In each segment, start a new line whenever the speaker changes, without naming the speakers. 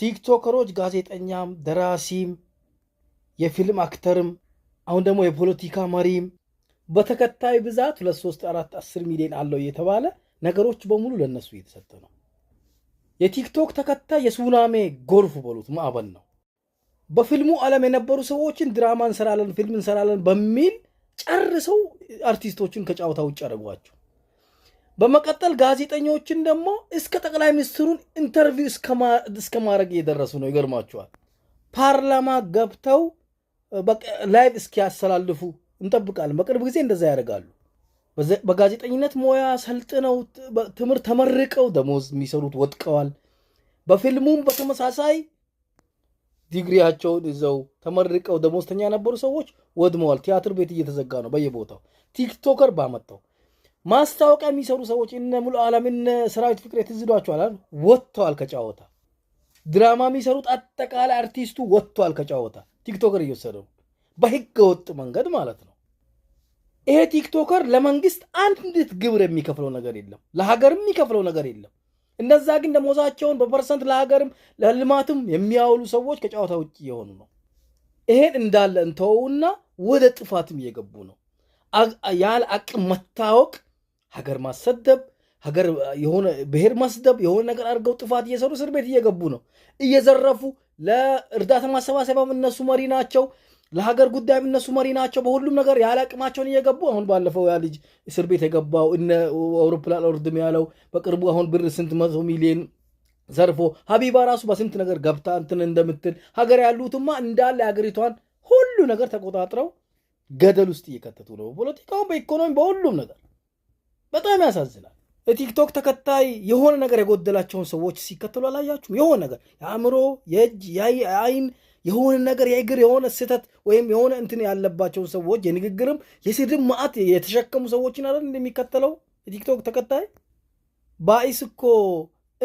ቲክቶከሮች ጋዜጠኛም፣ ደራሲም፣ የፊልም አክተርም አሁን ደግሞ የፖለቲካ መሪም በተከታይ ብዛት ሁለት ሶስት አራት አስር ሚሊዮን አለው እየተባለ ነገሮች በሙሉ ለእነሱ እየተሰጠ ነው። የቲክቶክ ተከታይ የሱናሜ ጎርፍ በሉት ማዕበል ነው። በፊልሙ ዓለም የነበሩ ሰዎችን ድራማ እንሰራለን፣ ፊልም እንሰራለን በሚል ጨርሰው አርቲስቶችን ከጨዋታ ውጭ አደረጓቸው። በመቀጠል ጋዜጠኞችን ደግሞ እስከ ጠቅላይ ሚኒስትሩን ኢንተርቪው እስከ ማድረግ እየደረሱ ነው። ይገርማቸዋል። ፓርላማ ገብተው ላይቭ እስኪያስተላልፉ እንጠብቃለን። በቅርብ ጊዜ እንደዛ ያደርጋሉ። በጋዜጠኝነት ሙያ ሰልጥነው ትምህርት ተመርቀው ደሞዝ የሚሰሩት ወጥቀዋል። በፊልሙም በተመሳሳይ ዲግሪያቸውን ይዘው ተመርቀው ደሞዝተኛ የነበሩ ሰዎች ወድመዋል። ቲያትር ቤት እየተዘጋ ነው በየቦታው ቲክቶከር ባመጣው ማስታወቂያ የሚሰሩ ሰዎች እነ ሙሉ ዓለም እነ ሰራዊት ፍቅሬ ትዝ ወጥተዋል ከጨዋታ። ድራማ የሚሰሩት አጠቃላይ አርቲስቱ ወጥተዋል ከጨዋታ። ቲክቶከር እየወሰደው በህገ ወጥ መንገድ ማለት ነው። ይሄ ቲክቶከር ለመንግስት አንድት ግብር የሚከፍለው ነገር የለም፣ ለሀገር የሚከፍለው ነገር የለም። እነዛ ግን ደሞዛቸውን በፐርሰንት ለሀገርም ለልማትም የሚያውሉ ሰዎች ከጨዋታ ውጭ የሆኑ ነው። ይሄን እንዳለ እንተወውና ወደ ጥፋትም እየገቡ ነው። ያለ አቅም መታወቅ ሀገር ማሰደብ ሀገር የሆነ ብሔር ማስደብ የሆነ ነገር አድርገው ጥፋት እየሰሩ እስር ቤት እየገቡ ነው፣ እየዘረፉ ለእርዳታ ማሰባሰቢያም እነሱ መሪ ናቸው፣ ለሀገር ጉዳይም እነሱ መሪ ናቸው። በሁሉም ነገር ያለ አቅማቸውን እየገቡ አሁን ባለፈው ያ ልጅ እስር ቤት የገባው እነ አውሮፕላን ርድም ያለው በቅርቡ አሁን ብር ስንት መቶ ሚሊዮን ዘርፎ ሀቢባ ራሱ በስንት ነገር ገብታ እንትን እንደምትል ሀገር ያሉትማ እንዳለ ሀገሪቷን ሁሉ ነገር ተቆጣጥረው ገደል ውስጥ እየከተቱ ነው፣ በፖለቲካውም፣ በኢኮኖሚ በሁሉም ነገር በጣም ያሳዝናል። የቲክቶክ ተከታይ የሆነ ነገር የጎደላቸውን ሰዎች ሲከተሉ አላያችሁ? የሆነ ነገር የአእምሮ፣ የእጅ፣ የአይን የሆነ ነገር የእግር የሆነ ስህተት ወይም የሆነ እንትን ያለባቸውን ሰዎች የንግግርም የስድብ ማዕት የተሸከሙ ሰዎችን አይደል እንደሚከተለው የቲክቶክ ተከታይ። ባይስ እኮ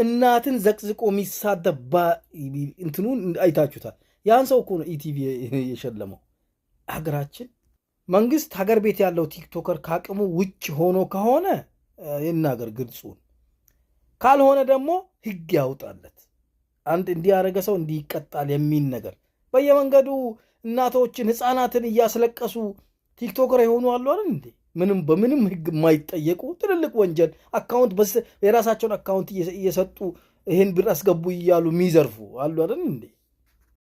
እናትን ዘቅዝቆ የሚሳደብ እንትኑን አይታችሁታል። ያን ሰው እኮ ነው ኢቲቪ የሸለመው ሀገራችን መንግስት ሀገር ቤት ያለው ቲክቶከር ከአቅሙ ውጭ ሆኖ ከሆነ ይናገር ግልጹን፣ ካልሆነ ደግሞ ህግ ያውጣለት። አንድ እንዲያደረገ ሰው እንዲህ ይቀጣል የሚል ነገር በየመንገዱ እናቶችን ህፃናትን እያስለቀሱ ቲክቶከር የሆኑ አሉ አይደል እንዴ? ምንም በምንም ህግ የማይጠየቁ ትልልቅ ወንጀል አካውንት የራሳቸውን አካውንት እየሰጡ ይህን ብር አስገቡ እያሉ የሚዘርፉ አሉ አይደል እንዴ?